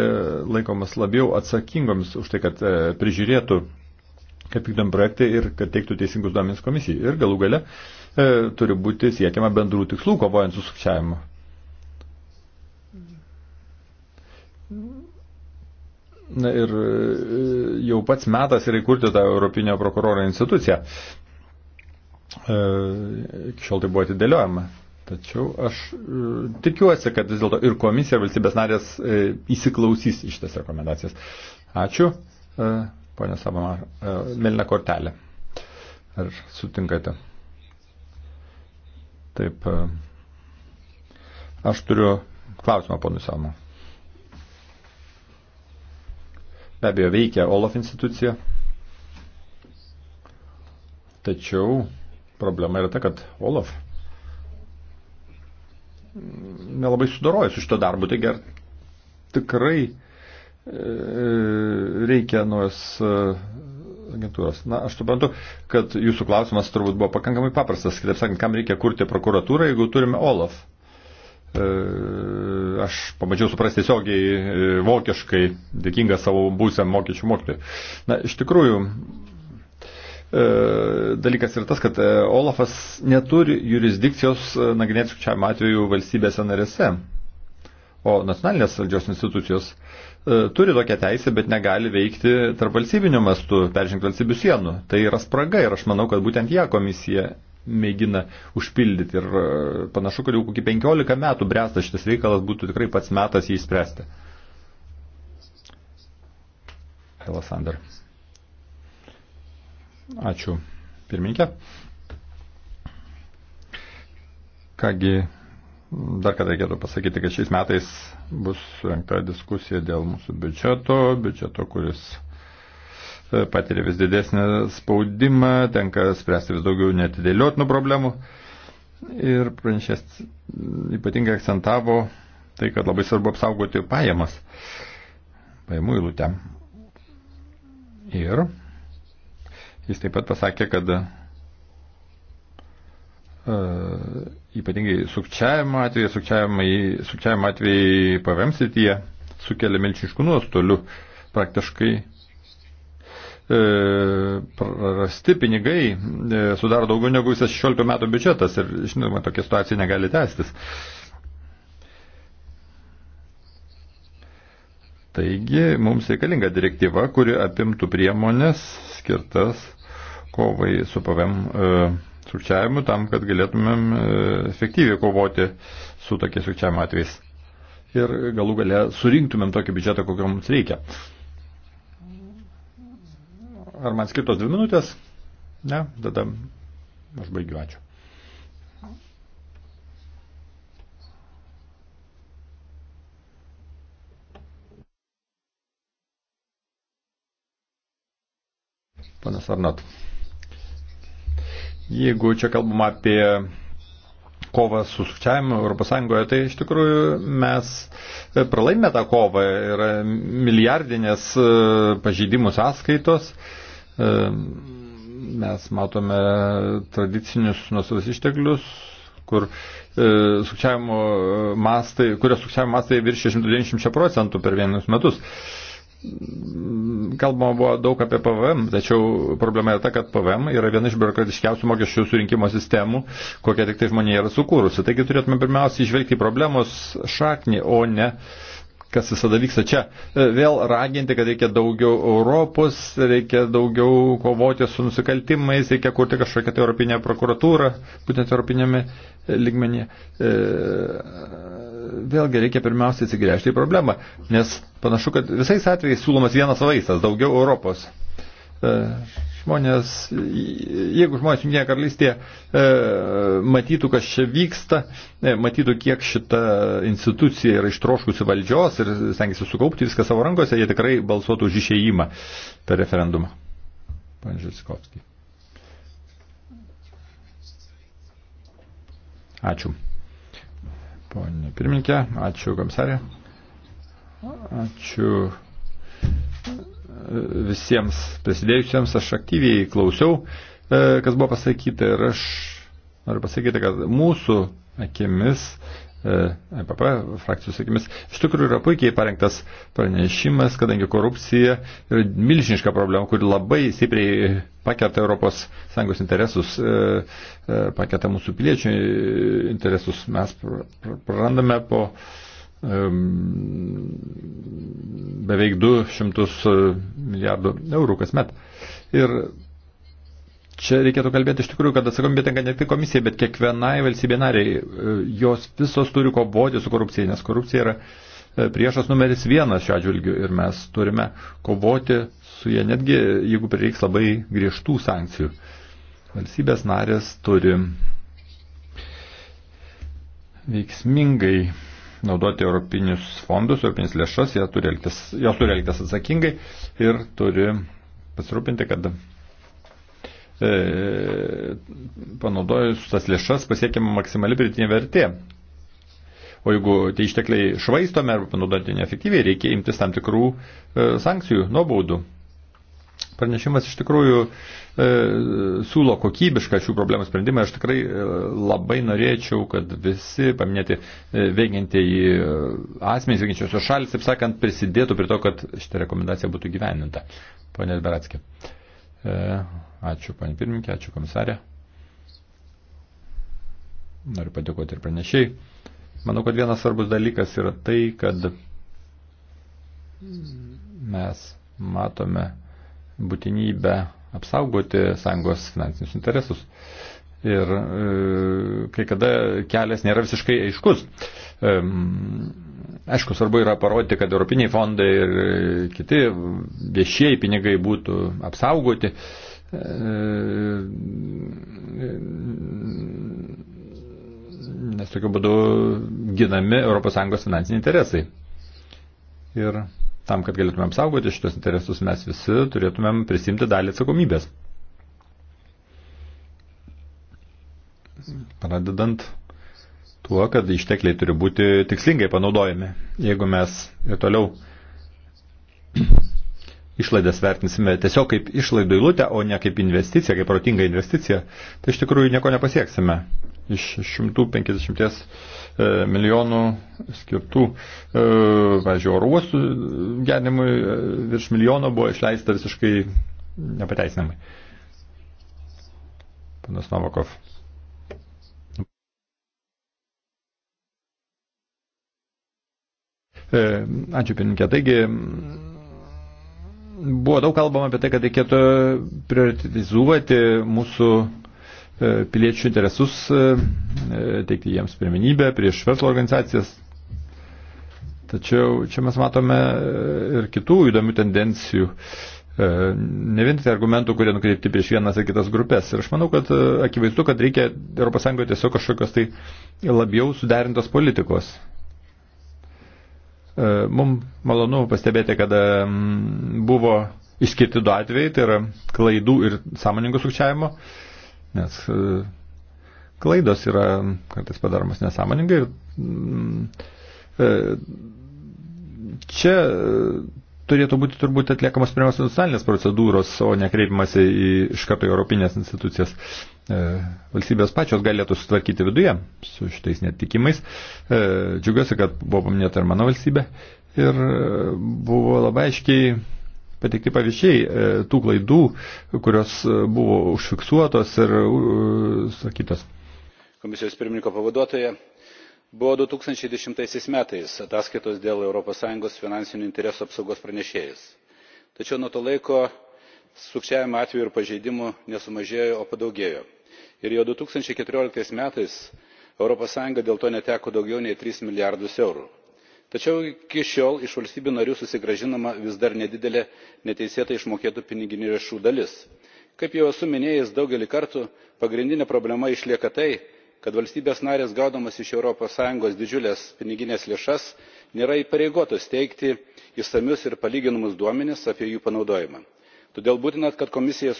laikomas labiau atsakingomis už tai, kad e, prižiūrėtų, kaip vykdom projektai ir kad teiktų teisingus duomenys komisijai. Ir galų gale e, turi būti siekiama bendrų tikslų, kovojant su sukčiavimu. Na ir e, jau pats metas yra įkurti tą Europinio prokuroro instituciją. E, iki šiol tai buvo atidėliojama. Tačiau aš e, tikiuosi, kad vis dėlto ir komisija, ir valstybės narės e, įsiklausys iš tas rekomendacijas. Ačiū, ponė Sabamar. Melina kortelė. Ar sutinkate? Taip. Aš turiu klausimą, ponui Samu. Be abejo, veikia OLAF institucija. Tačiau problema yra ta, kad Olaf nelabai sudoroja su šito darbu. Taigi ar tikrai e, reikia nuos e, agentūros? Na, aš suprantu, kad jūsų klausimas turbūt buvo pakankamai paprastas. Kitaip sakant, kam reikia kurti prokuratūrą, jeigu turime Olaf? E, aš pamačiau suprasti tiesiogiai e, vokiškai, dėkinga savo būsiam vokiečių mokytojui. Na, iš tikrųjų, E, dalykas yra tas, kad e, Olafas neturi jurisdikcijos e, nagrinėti sukčiavimo atveju valstybėse narėse. O nacionalinės valdžios institucijos turi tokią teisę, bet negali veikti tarp valstybinių mastų, peržengti valstybių sienų. Tai yra spraga ir aš manau, kad būtent ją komisija mėgina užpildyti. Ir panašu, kad jau kokį 15 metų bręsta šitas reikalas, būtų tikrai pats metas jį spręsti. Elasander. Hey, Ačiū, pirminkė. Kągi, dar kartą reikėtų pasakyti, kad šiais metais bus surinkta diskusija dėl mūsų biudžeto, biudžeto, kuris e, patiria vis didesnį spaudimą, tenka spręsti vis daugiau netidėliotinų problemų. Ir pranešės ypatingai akcentavo tai, kad labai svarbu apsaugoti pajamas, pajamų įlūtę. Ir Jis taip pat pasakė, kad e, ypatingai sukčiavimo atveju, sukčiavimo atveju PVM sityje sukelia milčiškų nuostolių. Praktiškai e, prarasti pinigai e, sudaro daugiau negu visas 16 metų biudžetas ir, žinoma, tokia situacija negali tęstis. E, Taigi mums reikalinga direktyva, kuri apimtų priemonės skirtas kovai su PVM e, sukčiavimu tam, kad galėtumėm e, efektyviai kovoti su tokiais sukčiavimo atvejais. Ir galų gale surinktumėm tokį biudžetą, kokio mums reikia. Ar man skirtos dvi minutės? Ne, tada aš baigiu. Ačiū. Panas Arnat. Jeigu čia kalbama apie kovą su sukčiavimu ES, tai iš tikrųjų mes pralaimė tą kovą, yra milijardinės e, pažeidimų sąskaitos, e, mes matome tradicinius nuosavus išteklius, kur e, sukčiavimo mastai, kurios sukčiavimo mastai virš 690 procentų per vienus metus. Kalbama buvo daug apie PVM, tačiau problema yra ta, kad PVM yra viena iš biurokratiškiausių mokesčių surinkimo sistemų, kokią tik tai žmonija yra sukūrusi. Taigi turėtume pirmiausiai išvelgti problemos šaknį, o ne kas visada vyksta čia. E, vėl raginti, kad reikia daugiau Europos, reikia daugiau kovoti su nusikaltimais, reikia kurti kažkokią tai Europinę prokuratūrą, būtent Europinėme e, lygmenyje. E, vėlgi reikia pirmiausiai atsigręžti į problemą, nes panašu, kad visais atvejais siūlomas vienas vaistas - daugiau Europos. Aš žmonės, jeigu žmonės Junkinėje karalystėje e, matytų, kas čia vyksta, e, matytų, kiek šita institucija yra ištroškusi valdžios ir stengiasi sukaupti viską savo rankose, jie tikrai balsuotų už išėjimą per referendumą. Pane Žilskovskį. Ačiū. Pone pirmininkė, ačiū komisarė. Ačiū visiems prisidėjusiems. Aš aktyviai klausiau, e, kas buvo pasakyta ir aš noriu pasakyti, kad mūsų akimis, e, EPP frakcijos akimis, iš tikrųjų yra puikiai parengtas pranešimas, kadangi korupcija yra milžiniška problema, kuri labai stipriai pakerta ES interesus, e, pakerta mūsų piliečių interesus. Mes prarandame po beveik 200 e, milijardų eurų kasmet. Ir čia reikėtų kalbėti iš tikrųjų, kad atsakomybė tenka ne tik komisijai, bet kiekvienai valstybė nariai. E, jos visos turi kovoti su korupcija, nes korupcija yra e, priešas numeris vienas šiuo atžvilgiu ir mes turime kovoti su jie netgi, jeigu prireiks labai griežtų sankcijų. Valstybės narės turi veiksmingai naudoti europinius fondus, europinės lėšas, jos turi elgtis, jos turi elgtis atsakingai ir turi pasirūpinti, kad e, panaudojus tas lėšas pasiekime maksimali pridėtinė vertė. O jeigu tie ištekliai švaistome arba panaudoti neefektyviai, reikia imtis tam tikrų e, sankcijų, nuobaudų. Pranešimas iš tikrųjų e, siūlo kokybišką šių problemų sprendimą. Aš tikrai e, labai norėčiau, kad visi paminėti e, veikiantieji e, asmenys, veikiančiosios šalis, taip sakant, prisidėtų prie to, kad šitą rekomendaciją būtų gyveninta. Pone Beratskė. E, ačiū, pane pirmininkė, ačiū komisarė. Noriu padėkoti ir pranešiai. Manau, kad vienas svarbus dalykas yra tai, kad mes matome būtinybę apsaugoti sąjungos finansinius interesus. Ir e, kai kada kelias nėra visiškai aiškus. E, aišku, svarbu yra parodyti, kad europiniai fondai ir kiti viešieji pinigai būtų apsaugoti. E, nes tokiu būdu ginami ES finansiniai interesai. Ir Tam, kad galėtumėm saugoti šitos interesus, mes visi turėtumėm prisimti dalį atsakomybės. Pradedant tuo, kad ištekliai turi būti tikslingai panaudojami. Jeigu mes ir toliau išlaidas vertinsime tiesiog kaip išlaidų įlūtę, o ne kaip investiciją, kaip protingą investiciją, tai iš tikrųjų nieko nepasieksime iš 150 e, milijonų skirtų, e, važiuoju, oro uostų gerinimui e, virš milijono buvo išleista visiškai nepateisinamai. Panas Novakov. Ačiū, pininkė. Taigi, buvo daug kalbama apie tai, kad reikėtų prioritizuoti mūsų E, piliečių interesus, e, e, teikti jiems pirmenybę prieš verslo organizacijas. Tačiau čia mes matome ir kitų įdomių tendencijų. Ne vien tai argumentų, kurie nukreipti prieš vienas ar kitas grupės. Ir aš manau, kad akivaizdu, kad reikia ES tiesiog kažkokios tai labiau suderintos politikos. Mums malonu pastebėti, kad buvo išskirti du atvejai, tai yra klaidų ir sąmoningo sukčiavimo. Nes e, klaidos yra kartais padaromas nesąmoningai ir mm, e, čia e, turėtų būti turbūt atliekamas pirmiausia nacionalinės procedūros, o nekreipimasi į iš karto europinės institucijas. Valstybės pačios galėtų sutvarkyti viduje su šitais netikimais. Džiugiuosi, kad buvo paminėta ir mano valstybė. Ir buvo labai aiškiai pateikti pavyzdžiai e, tų klaidų, kurios e, buvo užfiksuotos ir e, sakytos. Komisijos pirmininko pavaduotoja. Buvo 2010 metais ataskaitos dėl ES finansinių interesų apsaugos pranešėjas. Tačiau nuo to laiko sukčiavimo atvejų ir pažeidimų nesumažėjo, o padaugėjo. Ir jau 2014 metais ES dėl to neteko daugiau nei 3 milijardus eurų tačiau iki šiol iš valstybių narių susigrąžinama vis dar nedidelė neteisėtai išmokėtų piniginių lėšų dalis. kaip jau esu minėjęs daugelį kartų pagrindinė problema išlieka tai kad valstybės narės gaudamos iš europos sąjungos didžiules pinigines lėšas nėra įpareigotos teikti išsamius ir palyginamus duomenis apie jų panaudojimą. todėl būtina kad komisija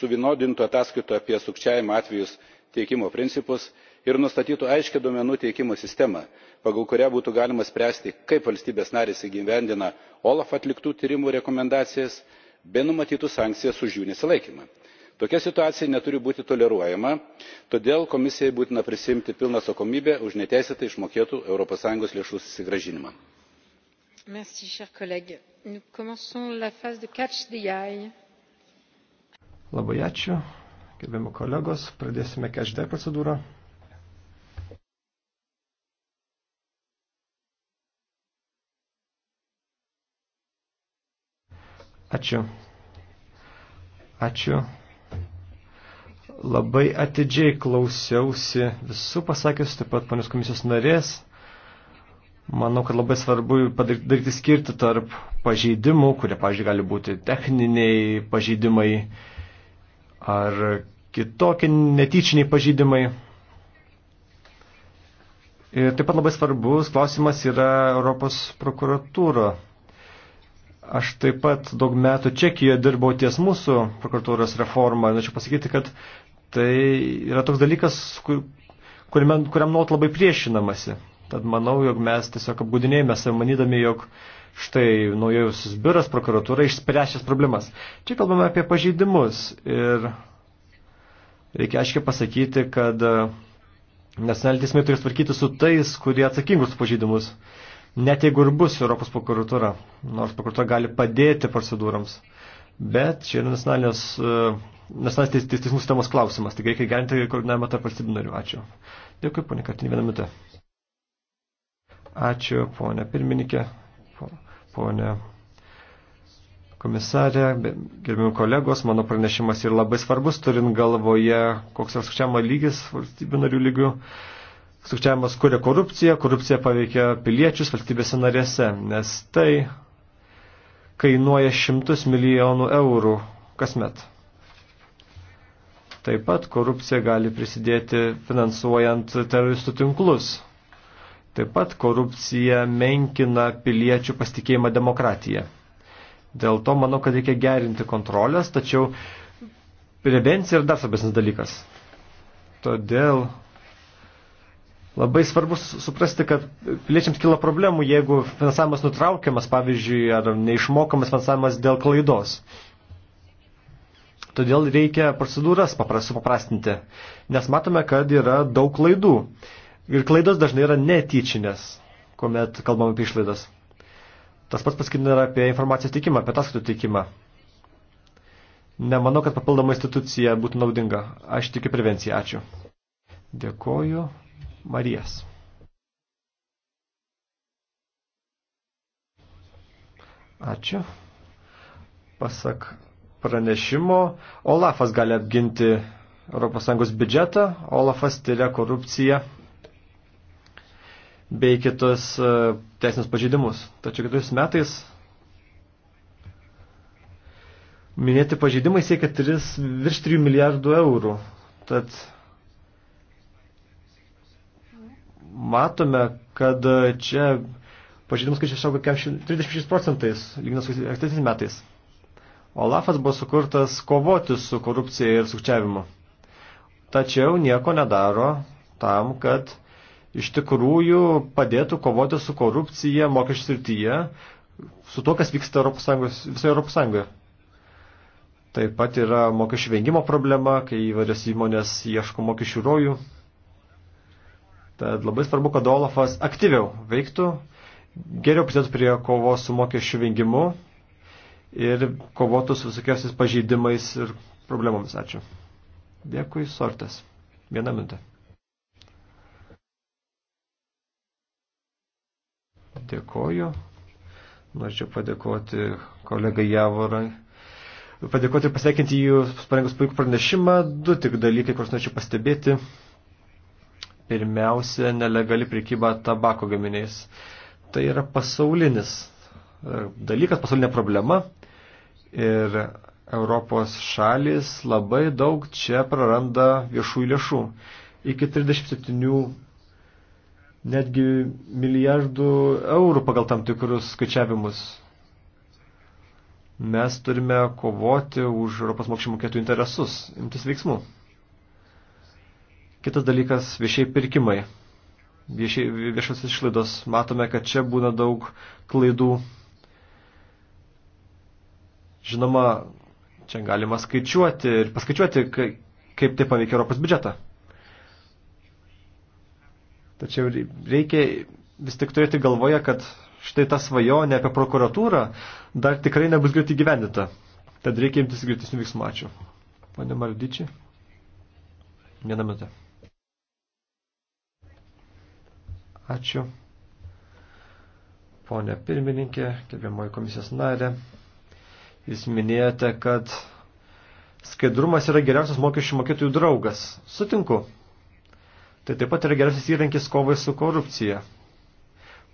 suvienodintų ataskaitų apie sukčiavimo atvejus teikimo principus ir nustatytų aiškią duomenų teikimo sistemą pagal kurią būtų galima spręsti kaip valstybės narės įgyvendina olaf atliktų tyrimų rekomendacijas bei numatytų sankcijas už jų nesilaikymą. tokia situacija neturi būti toleruojama todėl komisijai būtina prisiimti pilną atsakomybę už neteisėtai išmokėtų europos sąjungos lėšų susigrąžinimą. Labai ačiū, gerbiami kolegos, pradėsime catch the procedūrą. Ačiū. Ačiū. Labai atidžiai klausiausi visų pasakius, taip pat ponios komisijos narės. Manau, kad labai svarbu padaryti skirti tarp pažeidimų, kurie, pažiūrėjau, gali būti techniniai pažeidimai ar kitokie netyčiniai pažydimai. Ir taip pat labai svarbus klausimas yra Europos prokuratūro Aš taip pat daug metų Čekijoje dirbau ties mūsų prokuratūros reforma. Norėčiau pasakyti, kad tai yra toks dalykas, kur, kuriam, kuriam nuot labai priešinamasi. Tad manau, jog mes tiesiog apgudinėjame save manydami, jog štai naujojusis biuras, prokuratūra išspręšęs problemas. Čia kalbame apie pažeidimus ir reikia aiškiai pasakyti, kad e, nacionaliniai teismai turės tvarkyti su tais, kurie atsakingus pažeidimus net jeigu ir bus Europos prokuratūra, nors prokuratūra gali padėti procedūrams. Bet čia yra nacionalinės, e, nacionalinės teis, teis, teismų sistemos klausimas, tik reikia gerinti koordinavimą tarp valstybių narių. Ačiū. Dėkui, ponė Kartinė, vieną minutę. Ačiū, ponė pirmininkė, ponė komisarė, gerbimi kolegos, mano pranešimas yra labai svarbus, turint galvoje, koks yra skaičiavimo lygis valstybių narių lygių. Sukčiavimas kuria korupciją, korupcija paveikia piliečius valstybėse narėse, nes tai kainuoja šimtus milijonų eurų kasmet. Taip pat korupcija gali prisidėti finansuojant teroristų tinklus. Taip pat korupcija menkina piliečių pasitikėjimą demokratiją. Dėl to manau, kad reikia gerinti kontrolės, tačiau prevencija yra dar svarbesnis dalykas. Todėl Labai svarbu suprasti, kad piliečiams kyla problemų, jeigu finansavimas nutraukiamas, pavyzdžiui, ar neišmokamas finansavimas dėl klaidos. Todėl reikia procedūras supaprastinti, nes matome, kad yra daug klaidų. Ir klaidos dažnai yra netyčinės, kuomet kalbam apie išlaidas. Tas pats paskirtina yra apie informacijos teikimą, apie taskaitų teikimą. Nemanau, kad papildoma institucija būtų naudinga. Aš tikiu prevenciją. Ačiū. Dėkoju. Marijas. Ačiū. Pasak pranešimo, Olafas gali apginti ES biudžetą, Olafas tyria korupciją bei kitus e, teisinius pažeidimus. Tačiau kitus metais minėti pažeidimai siekia 3, virš 3 milijardų eurų. Tad matome, kad čia pažeidimų skaičius išaugo 36 procentais, lyginant su ankstesniais metais. Olafas buvo sukurtas kovoti su korupcija ir sukčiavimu. Tačiau nieko nedaro tam, kad iš tikrųjų padėtų kovoti su korupcija mokesčių srityje, su to, kas vyksta Europos Sąjungos, visoje Europos Sąjungoje. Taip pat yra mokesčių vengimo problema, kai įvairios įmonės ieško mokesčių rojų. Tad labai svarbu, kad Olafas aktyviau veiktų, geriau prisidėtų prie kovos su mokesčių vengimu ir kovotų su visokiausiais pažeidimais ir problemomis. Ačiū. Dėkui, sortas. Vieną minutę. Dėkoju. Norėčiau padėkoti kolegai Javorai. Padėkoti ir pasveikinti jų parengus puikų pranešimą. Du tik dalykai, kuriuos norėčiau pastebėti. Pirmiausia, nelegali prekyba tabako gaminiais. Tai yra pasaulinis e, dalykas, pasaulinė problema. Ir Europos šalis labai daug čia praranda viešų lėšų. Iki 37 netgi milijardų eurų pagal tam tikrus skaičiavimus. Mes turime kovoti už Europos mokesčių mokėtų interesus, imtis veiksmų. Kitas dalykas - viešiai pirkimai. Viešiai, viešas išlaidos. Matome, kad čia būna daug klaidų. Žinoma, čia galima skaičiuoti ir paskaičiuoti, kaip tai paveikia Europos biudžetą. Tačiau reikia vis tik turėti galvoje, kad štai ta svajonė apie prokuratūrą dar tikrai nebus greitai gyvendita. Tad reikia imtis greitesnių veiksmų. Ačiū. Pane Marudičiai. Vieną minutę. Ačiū. Pone pirmininkė, gerbiamoji komisijos narė, jūs minėjote, kad skaidrumas yra geriausias mokesčių mokėtojų draugas. Sutinku. Tai taip pat yra geriausias įrankis kovai su korupcija.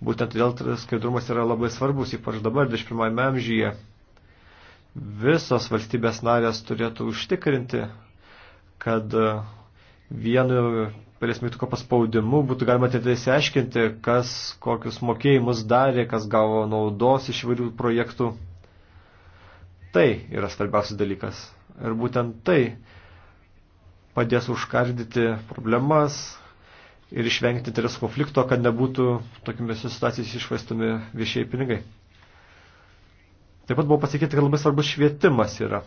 Būtent todėl skaidrumas yra labai svarbus, ypač dabar, 21 amžyje. Visos valstybės narės turėtų užtikrinti, kad vienu pelės mygtuko paspaudimu būtų galima tada įsiaiškinti, kas kokius mokėjimus darė, kas gavo naudos iš įvairių projektų. Tai yra svarbiausias dalykas. Ir būtent tai padės užkardyti problemas ir išvengti interesų konflikto, kad nebūtų tokiamis situacijomis išvaistami viešieji pinigai. Taip pat buvo pasakyti, kad labai svarbus švietimas yra.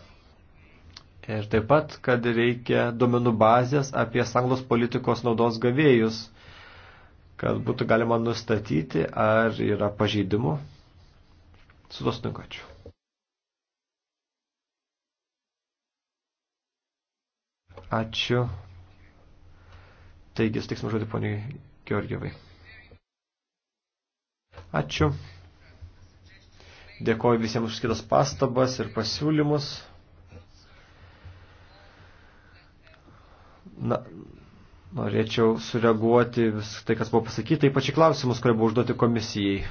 Ir taip pat, kad reikia duomenų bazės apie sanglos politikos naudos gavėjus, kad būtų galima nustatyti, ar yra pažeidimų. Su tos nukačiu. Ačiū. Taigi, sutiksime žodį poniai Georgievai. Ačiū. Dėkoju visiems už kitas pastabas ir pasiūlymus. Na, norėčiau sureaguoti vis tai, kas buvo pasakyta, ypač į klausimus, kurie buvo užduoti komisijai.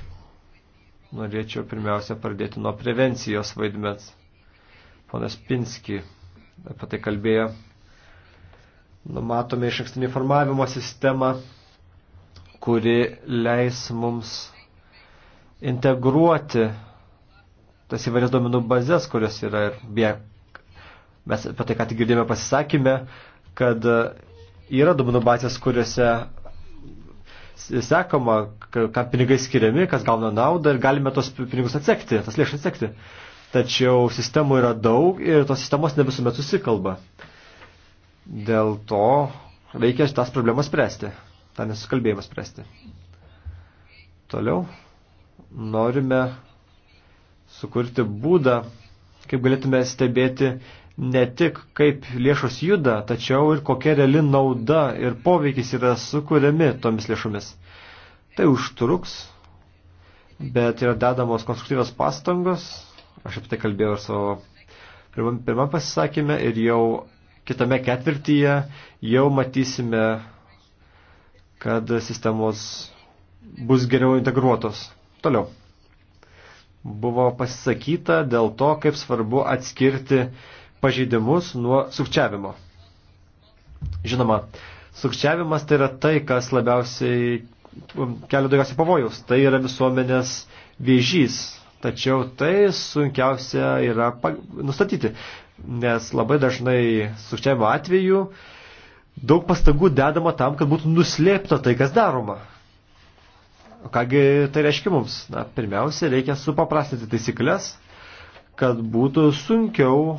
Norėčiau pirmiausia pradėti nuo prevencijos vaidmens. Ponas Pinski apie tai kalbėjo. Numatome iš ankstinį informavimo sistemą, kuri leis mums integruoti tas įvairias duomenų bazės, kurios yra ir beje, mes apie tai ką tik girdėjome pasisakymę, kad e, yra duomenų bazės, kuriuose sekama, kam pinigai skiriami, kas gauna naudą ir galime tos pinigus atsekti, tas lėšas atsekti. Tačiau sistemų yra daug ir tos sistemos ne visuomet susikalba. Dėl to reikia tas problemas spręsti, tą nesukalbėjimą spręsti. Toliau norime sukurti būdą, kaip galėtume stebėti ne tik kaip lėšos juda, tačiau ir kokia reali nauda ir poveikis yra sukūrėmi tomis lėšomis. Tai užtruks, bet yra dedamos konstruktyvios pastangos, aš apie tai kalbėjau ir savo pirmam, pirmam pasisakymę ir jau kitame ketvirtyje jau matysime, kad sistemos bus geriau integruotos. Toliau buvo pasisakyta dėl to, kaip svarbu atskirti pažeidimus nuo sukčiavimo. Žinoma, sukčiavimas tai yra tai, kas labiausiai um, kelia daugiausiai pavojus. Tai yra visuomenės viežys. Tačiau tai sunkiausia yra nustatyti, nes labai dažnai sukčiavimo atveju daug pastangų dedama tam, kad būtų nuslėpta tai, kas daroma. O kągi tai reiškia mums? Na, pirmiausia, reikia supaprastinti taisyklės, kad būtų sunkiau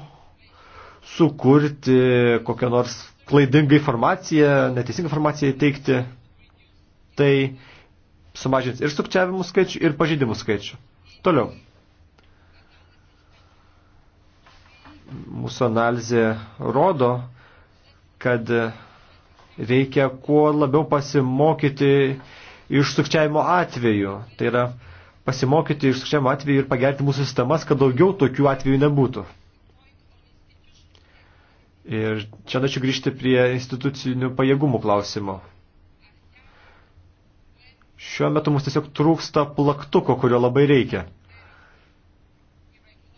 sukurti kokią nors klaidingą informaciją, neteisingą informaciją įteikti, tai sumažins ir sukčiavimų skaičių, ir pažeidimų skaičių. Toliau. Mūsų analizė rodo, kad reikia kuo labiau pasimokyti iš sukčiavimo atveju. Tai yra pasimokyti iš sukčiavimo atveju ir pagerti mūsų sistemas, kad daugiau tokių atvejų nebūtų. Ir čia dačiu grįžti prie institucinių pajėgumų klausimo. Šiuo metu mums tiesiog trūksta plaktuko, kurio labai reikia.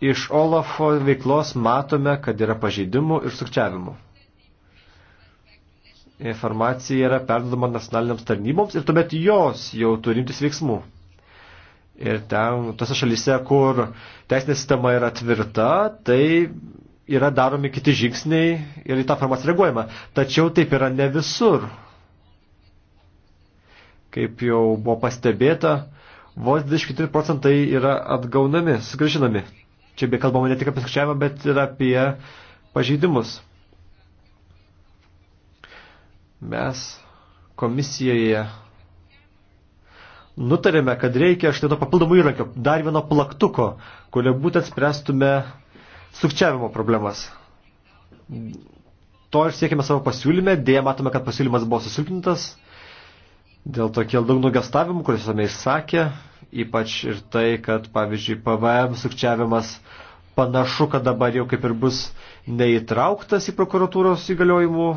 Iš Olafo veiklos matome, kad yra pažeidimų ir sukčiavimų. Informacija yra perdodama nacionaliniams tarnyboms ir tuomet jos jau turintis veiksmų. Ir ten, tose šalyse, kur teisinė sistema yra tvirta, tai yra daromi kiti žingsniai ir į tą farmaciją reaguojama. Tačiau taip yra ne visur. Kaip jau buvo pastebėta, vos 23 procentai yra atgaunami, sugrįžinami. Čia be kalbama ne tik apie skaičiavimą, bet ir apie pažeidimus. Mes komisijoje nutarėme, kad reikia štai to papildomų įrankio, dar vieno plaktuko, kurio būtent spręstume sukčiavimo problemas. To ir siekime savo pasiūlyme, dėja matome, kad pasiūlymas buvo susilpnintas, dėl to kiel daug nugastavimų, kuris esame įsakę, ypač ir tai, kad, pavyzdžiui, PVM sukčiavimas panašu, kad dabar jau kaip ir bus neįtrauktas į prokuratūros įgaliojimų,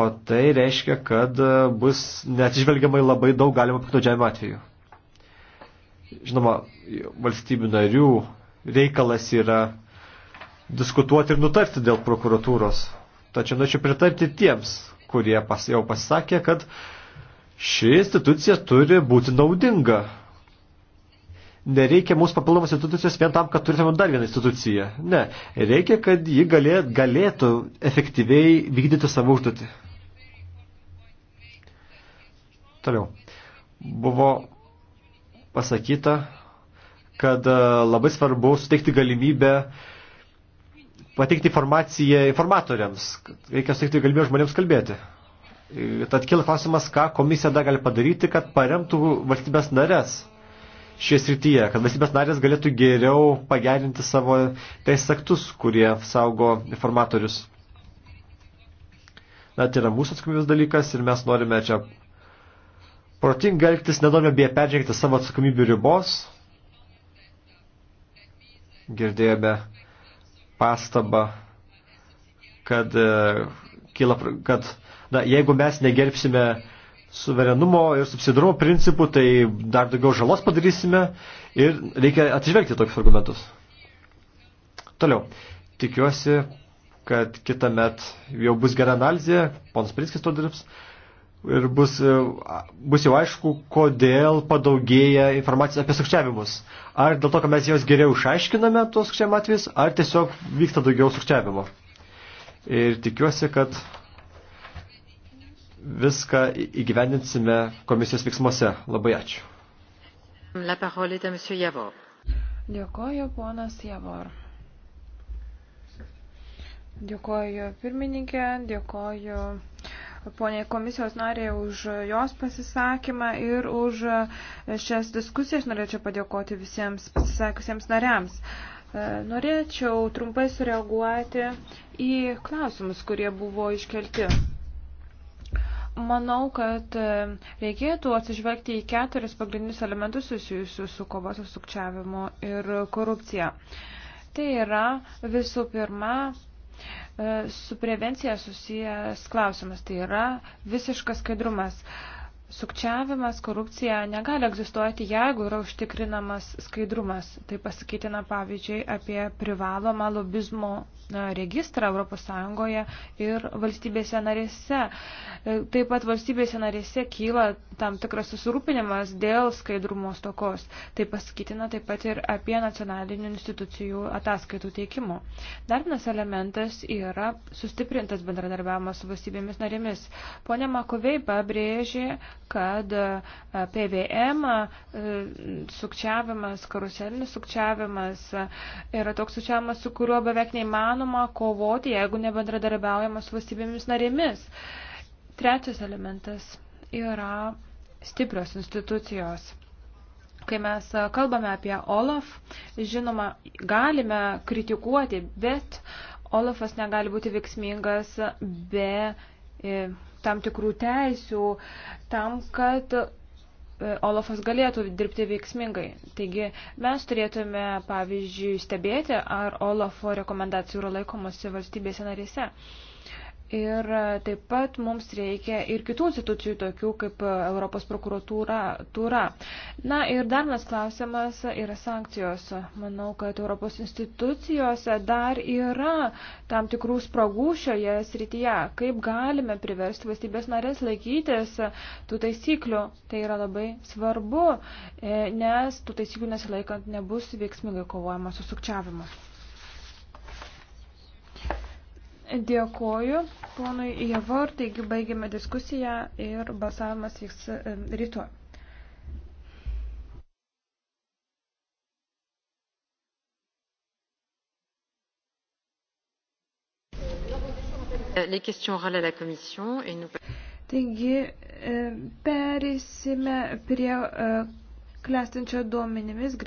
o tai reiškia, kad bus neatsižvelgiamai labai daug galima piknaudžiavimo atveju. Žinoma, valstybių narių reikalas yra diskutuoti ir nutarti dėl prokuratūros. Tačiau norėčiau pritarti tiems, kurie pas, jau pasisakė, kad ši institucija turi būti naudinga. Nereikia mūsų papildomos institucijos vien tam, kad turėtume dar vieną instituciją. Ne, reikia, kad ji galėt, galėtų efektyviai vykdyti savo užduotį. Toliau. Buvo pasakyta, kad e, labai svarbu suteikti galimybę pateikti informaciją informatoriams, kad reikia suteikti galimybę žmonėms kalbėti. Tad kila klausimas, ką komisija dar gali padaryti, kad paremtų valstybės narės šioje srityje, kad valstybės narės galėtų geriau pagerinti savo teisės aktus, kurie saugo informatorius. Na, tai yra mūsų atsakomybės dalykas ir mes norime čia protingai elgtis nedomė bėje peržengti savo atsakomybių ribos. Girdėjome pastabą, kad, e, kyla, kad na, jeigu mes negerbsime suverenumo ir subsidarumo principų, tai dar daugiau žalos padarysime ir reikia atsižvelgti tokius argumentus. Toliau, tikiuosi, kad kitą met jau bus gera analizė, pons Prinskis to dirbs, ir bus, e, bus jau aišku, kodėl padaugėja informacijos apie sukčiavimus. Ar dėl to, kad mes jos geriau išaiškiname tos sukčiavimo atvejus, ar tiesiog vyksta daugiau sukčiavimo. Ir tikiuosi, kad viską įgyvendinsime komisijos veiksmuose. Labai ačiū. La parole est à monsieur Javor. Dėkoju, ponas Javor. Dėkoju pirmininkė, dėkoju poniai komisijos narė už jos pasisakymą ir už šias diskusijas. Norėčiau padėkoti visiems pasisakusiems nariams. E, norėčiau trumpai sureaguoti į klausimus, kurie buvo iškelti. Manau, kad e, reikėtų atsižvelgti į keturis pagrindinius elementus susijusius su kovos su sukčiavimu ir korupcija. Tai yra visų pirma su prevencija susijęs klausimas, tai yra visiškas skaidrumas. E, Sukčiavimas, korupcija negali egzistuoti, jeigu yra užtikrinamas skaidrumas. Tai pasakytina pavyzdžiui apie privalomą lobizmo registrą ES ir valstybėse narėse. E, taip pat valstybėse narėse kyla tam tikras susirūpinimas dėl skaidrumo stokos. Tai pasakytina taip pat ir apie nacionalinių institucijų ataskaitų teikimo. Dar vienas elementas yra sustiprintas bendradarbiavimas su valstybėmis narėmis. Pone Makovei pabrėžė, kad e, PVM e, sukčiavimas, karuselinis sukčiavimas e, yra toks sukčiavimas, su kuriuo beveik neįmanoma kovoti, jeigu nebendradarbiaujama su valstybėmis narėmis. Trečias elementas yra stiprios institucijos kai mes kalbame apie Olaf, žinoma, galime kritikuoti, bet Olafas negali būti veiksmingas be tam tikrų teisių, tam, kad e, Olafas galėtų dirbti veiksmingai. Taigi mes turėtume, pavyzdžiui, stebėti, ar Olafo rekomendacijų yra laikomasi valstybėse narėse. Uh, Ir e, taip pat mums reikia ir kitų institucijų, tokių kaip e, Europos prokuratūra. Na ir dar vienas klausimas yra sankcijos. Manau, kad Europos institucijose dar yra tam tikrų spragų šioje srityje. Kaip galime priversti valstybės narės laikytis tų taisyklių? Tai yra labai svarbu, e, nes tų taisyklių nesilaikant nebus veiksmingai kovojama su sukčiavimu. Dėkoju, ponui Javor, taigi baigėme diskusiją ir balsavimas vyks e, rytoj. Les questions orales à la Commission et nous... Taigi, e, perėsime prie e, klestinčio duomenimis.